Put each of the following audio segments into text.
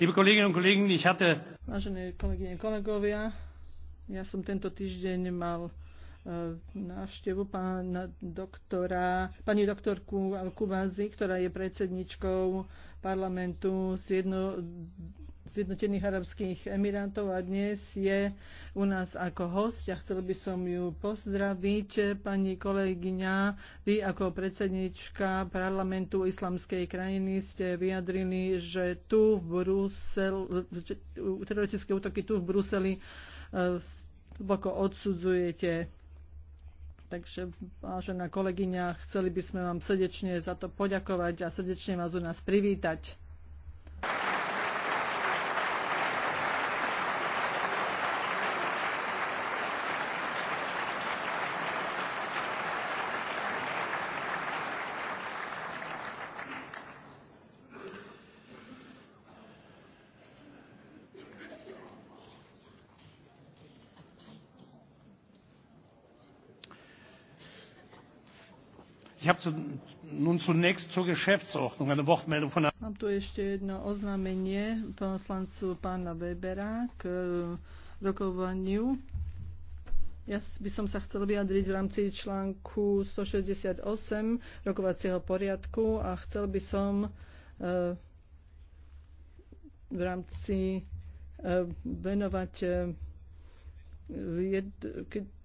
Liebe Kolleginnen und Kollegen, ich hatte... Vážené kolegyne, kolegovia, ja som tento týždeň mal e, návštevu pána doktora, pani doktorku Kubázy, ktorá je predsedničkou parlamentu z jedno, Zjednotených Arabských Emirátov a dnes je u nás ako host. Ja chcel by som ju pozdraviť, pani kolegyňa. Vy ako predsednička parlamentu islamskej krajiny ste vyjadrili, že tu v Brusel, teroristické útoky tu v Bruseli eh, hlboko odsudzujete. Takže, vážená kolegyňa, chceli by sme vám srdečne za to poďakovať a srdečne vás u nás privítať. Mám tu ešte jedno oznámenie poslancu pána Webera k e, rokovaniu. Ja by som sa chcel vyjadriť v rámci článku 168 rokovacieho poriadku a chcel by som e, v rámci e, venovať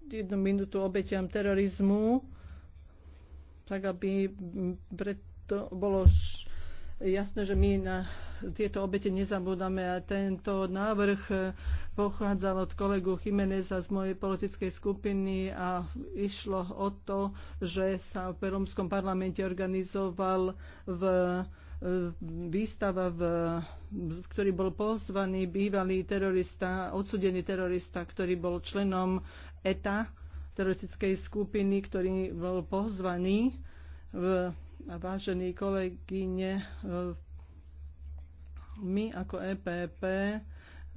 jednu minútu obetiam terorizmu tak aby preto bolo jasné, že my na tieto obete nezabúdame a tento návrh pochádzal od kolegu Chimeneza z mojej politickej skupiny a išlo o to, že sa v Perúmskom parlamente organizoval v výstava, v, v ktorý bol pozvaný bývalý terorista, odsudený terorista, ktorý bol členom ETA teroristickej skupiny, ktorý bol pozvaný v, a vážení kolegyne, e, my ako EPP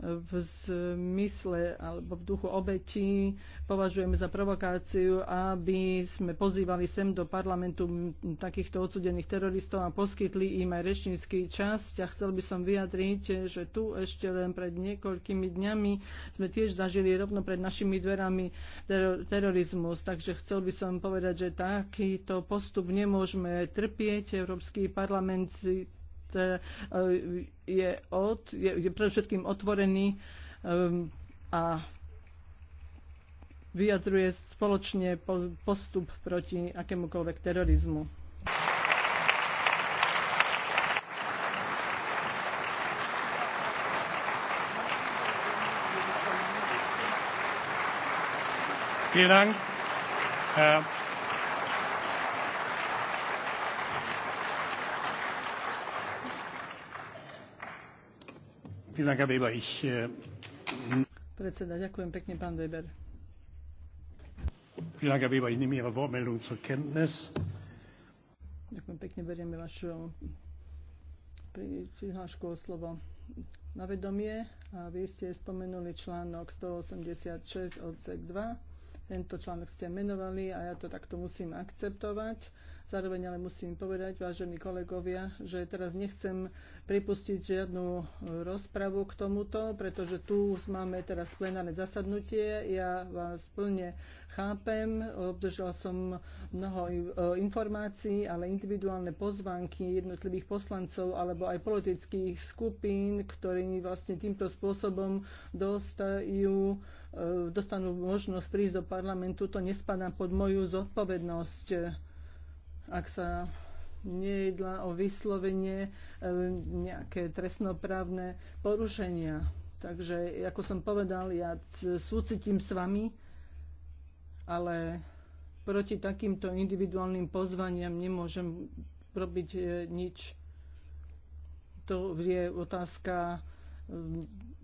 v zmysle alebo v duchu obetí považujeme za provokáciu, aby sme pozývali sem do parlamentu takýchto odsudených teroristov a poskytli im aj rečnícky čas. A chcel by som vyjadriť, že tu ešte len pred niekoľkými dňami sme tiež zažili rovno pred našimi dverami teror- terorizmus. Takže chcel by som povedať, že takýto postup nemôžeme trpieť. Európsky parlament si E, e, je, od, je, je predovšetkým otvorený um, a vyjadruje spoločne postup proti akémukoľvek terorizmu. Vielen Dank, Herr Äh, Predseda, ďakujem pekne, pán Weber. Ďakujem pekne, berieme vašu prihlášku o slovo na vedomie a vy ste spomenuli článok 186 odsek 2. Tento článok ste menovali a ja to takto musím akceptovať Zároveň ale musím povedať, vážení kolegovia, že teraz nechcem pripustiť žiadnu rozpravu k tomuto, pretože tu máme teraz plenárne zasadnutie. Ja vás plne chápem, obdržala som mnoho e, informácií, ale individuálne pozvánky jednotlivých poslancov alebo aj politických skupín, ktorí vlastne týmto spôsobom dostajú e, dostanú možnosť prísť do parlamentu, to nespadá pod moju zodpovednosť ak sa nejedla o vyslovenie eh, nejaké trestnoprávne porušenia. Takže, ako som povedal, ja súcitím s vami, ale proti takýmto individuálnym pozvaniam nemôžem robiť eh, nič. To je otázka eh,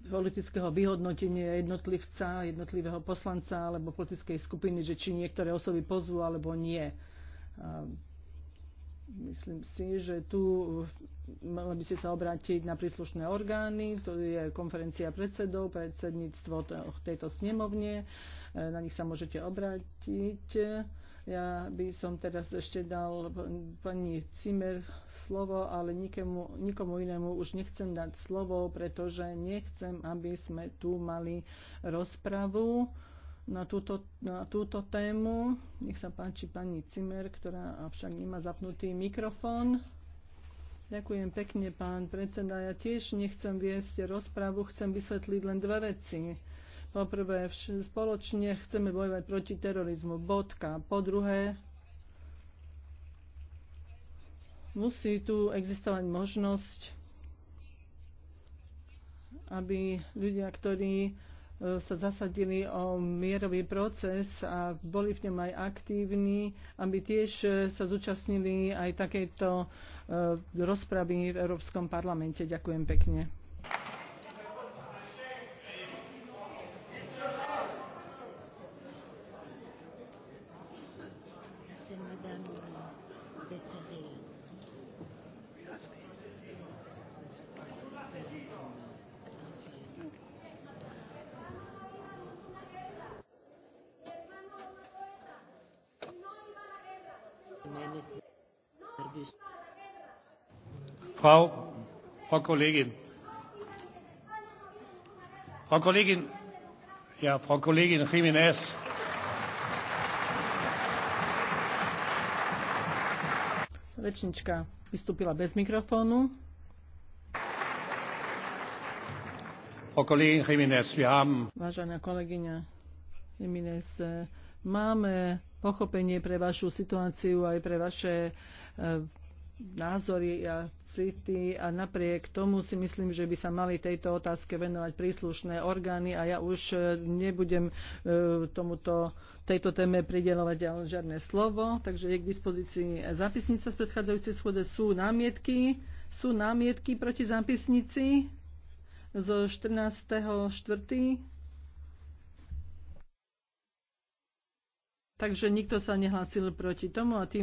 politického vyhodnotenia jednotlivca, jednotlivého poslanca alebo politickej skupiny, že či niektoré osoby pozvú alebo nie. Myslím si, že tu mali by ste sa obrátiť na príslušné orgány, to je konferencia predsedov, predsedníctvo tejto snemovne, e, na nich sa môžete obrátiť. Ja by som teraz ešte dal pani Cimer slovo, ale nikomu, nikomu inému už nechcem dať slovo, pretože nechcem, aby sme tu mali rozpravu na túto, na túto tému. Nech sa páči pani Cimer, ktorá avšak nemá zapnutý mikrofón. Ďakujem pekne, pán predseda. Ja tiež nechcem viesť rozprávu, chcem vysvetliť len dve veci. Poprvé, spoločne chceme bojovať proti terorizmu. Bodka. Po druhé, musí tu existovať možnosť, aby ľudia, ktorí sa zasadili o mierový proces a boli v ňom aj aktívni, aby tiež e, sa zúčastnili aj takéto e, rozpravy v Európskom parlamente. Ďakujem pekne. Frau, Kollegin. Frau Kollegin, Frau Kollegin Jiménez. Rečnička vystúpila bez mikrofónu. Frau Kollegin Jiménez, wir haben... Vážená kolegyňa Jiménez, eh, máme pochopenie pre vašu situáciu aj pre vaše eh, názory a kapacity a napriek tomu si myslím, že by sa mali tejto otázke venovať príslušné orgány a ja už e, nebudem e, tomuto, tejto téme pridelovať žiadne slovo, takže je k dispozícii zápisnica z predchádzajúcej schode. Sú námietky? Sú námietky proti zápisnici zo 14.4.? Takže nikto sa nehlásil proti tomu a tým